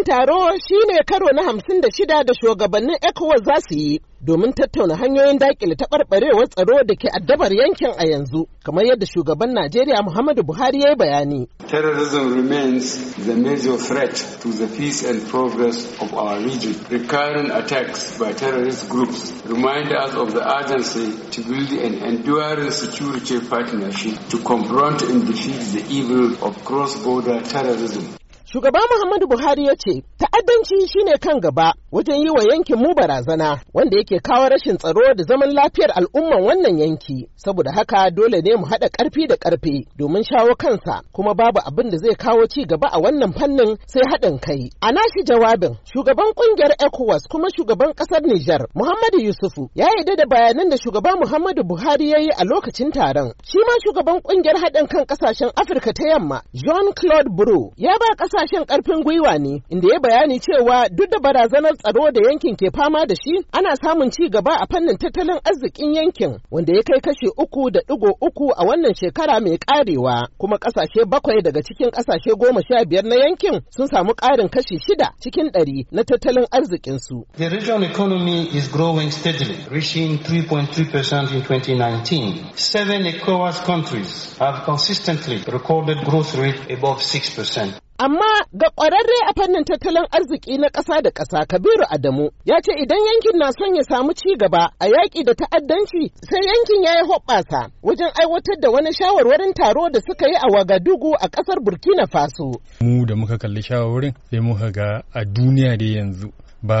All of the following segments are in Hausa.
Wannan taro shi ne karo na hamsin da shida da shugabannin ECOWAS za su yi domin tattauna hanyoyin dakile taɓarɓarewar tsaro da ke addabar yankin a yanzu, kamar yadda shugaban Najeriya Muhammadu Buhari ya yi bayani. Terrorism remains the major threat to the peace and progress of our region. Recurrent attacks by terrorist groups remind us of the urgency to build an enduring security partnership to confront and defeat the evil of cross-border terrorism. Shugaba Muhammadu Buhari ya ce, ta'addanci shine kan gaba wajen yi wa yankin mu barazana wanda yake kawo rashin tsaro da zaman lafiyar al'umman wannan yanki saboda haka dole ne mu haɗa ƙarfi da ƙarfe domin shawo kansa kuma babu abin da zai kawo ci gaba a wannan fannin sai haɗin kai a nashi jawabin shugaban ƙungiyar ecowas kuma shugaban ƙasar nijar muhammadu yusufu ya yarda da bayanan da shugaba muhammadu buhari ya yi a lokacin taron shi ma shugaban ƙungiyar haɗin kan ƙasashen afirka ta yamma jean claude bro ya ba ƙasashen ƙarfin gwiwa ne inda ya bayani cewa duk da barazanar tsaro da yankin ke fama da shi ana samun ci gaba a fannin tattalin arzikin yankin wanda ya kai kashi uku da digo uku a wannan shekara mai karewa kuma kasashe bakwai daga cikin kasashe goma sha biyar na yankin sun samu karin kashi shida cikin ɗari na tattalin arzikin su The regional economy is growing steadily, reaching 3.3% in 2019. Seven ECOWAS countries have consistently recorded growth rate above 6%. Amma ga ƙwararre a fannin tattalin arziki na ƙasa da ƙasa Kabiru Adamu ya ce idan yankin na son ya samu ci gaba a yaƙi da ta'addanci sai yankin ya yi hoɓɓasa wajen aiwatar da wani shawarwarin taro da suka yi a Wagadugu a ƙasar Burkina Faso. Mu da muka kalli shawarwarin sai muka ga a duniya da yanzu ba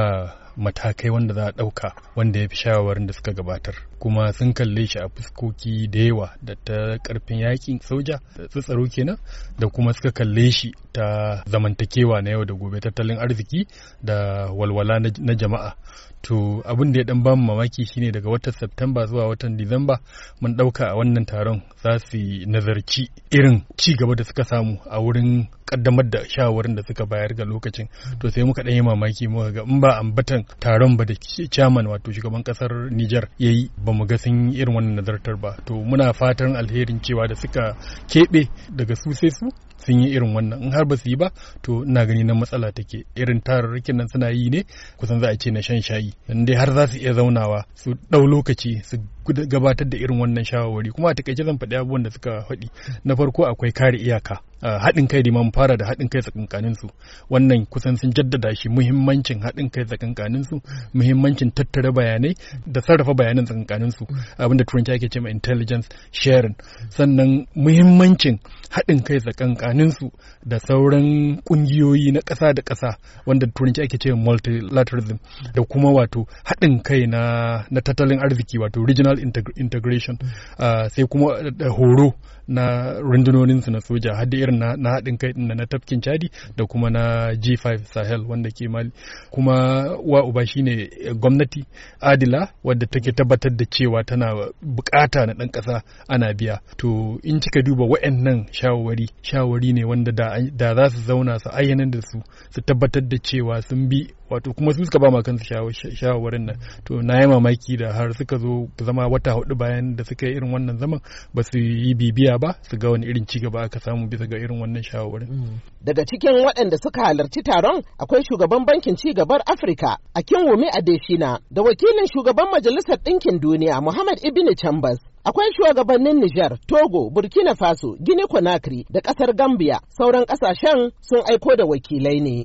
matakai wanda za a ɗauka wanda ya fi shawarwarin da suka gabatar kuma sun kalle shi a fuskoki da yawa da ta karfin yakin soja su tsaro kenan da kuma suka kalle shi ta zamantakewa na yau da gobe tattalin arziki da walwala na jama'a to abin da ya dan bamu mamaki shine daga watan september zuwa watan december mun ɗauka a wannan taron za su nazarci irin ci gaba da suka samu a wurin ƙaddamar da shawarin da suka bayar ga lokacin to sai muka dan yi mamaki muka ga in ba ambatan wannan taron ba da chairman wato shugaban kasar Nijar ya yi ba mu ga sun irin wannan nazartar ba to muna fatan alherin cewa da suka keɓe daga su sai su sun yi irin wannan in har ba su yi ba to ina gani na matsala take irin tararrakin nan suna yi ne kusan za a ce na shan shayi in dai har za su iya zaunawa su ɗau lokaci su gabatar da irin wannan shawarwari kuma a takaice zan faɗi abubuwan da suka faɗi na farko akwai kare iyaka haɗin kai da fara da haɗin kai tsakankanin su wannan kusan sun jaddada shi muhimmancin haɗin kai tsakankanin su muhimmancin tattara bayanai da sarrafa bayanan tsakankanin su abinda turanci ake cewa intelligence sharing sannan muhimmancin haɗin kai tsakankanin tsakaninsu da sauran ƙungiyoyi na ƙasa da ƙasa wanda turanci ake cewa multilateralism da kuma wato haɗin kai na, na tattalin arziki wato regional integration mm. ah, sai kuma horo na rundunoninsu na soja hadda irin na haɗin kai ɗin na tafkin chadi da kuma na g5 sahel wanda ke mali kuma wa uba shine gwamnati adila wadda take tabbatar da cewa tana bukata na ɗan ƙasa ana biya to in cika duba wa'annan shawari shawari ne wanda da za su zauna su ayyanar da su su tabbatar da cewa sun bi wato kuma su suka ba makan kansu shawarwarin nan to na yi mamaki da har suka zo zama wata hudu bayan da suka yi irin wannan zaman ba su yi bibiya ba su ga wani irin cigaba aka samu bisa ga irin wannan shawarwarin. Mm. daga cikin waɗanda suka halarci taron akwai shugaban bankin cigabar afirka a kinwumi adeshina da wakilin shugaban majalisar ɗinkin duniya muhammad ibn chambers Akwai shugabannin Nijar, Togo, Burkina Faso, Guinea Conakry da ƙasar Gambia, sauran ƙasashen sun aiko da wakilai ne.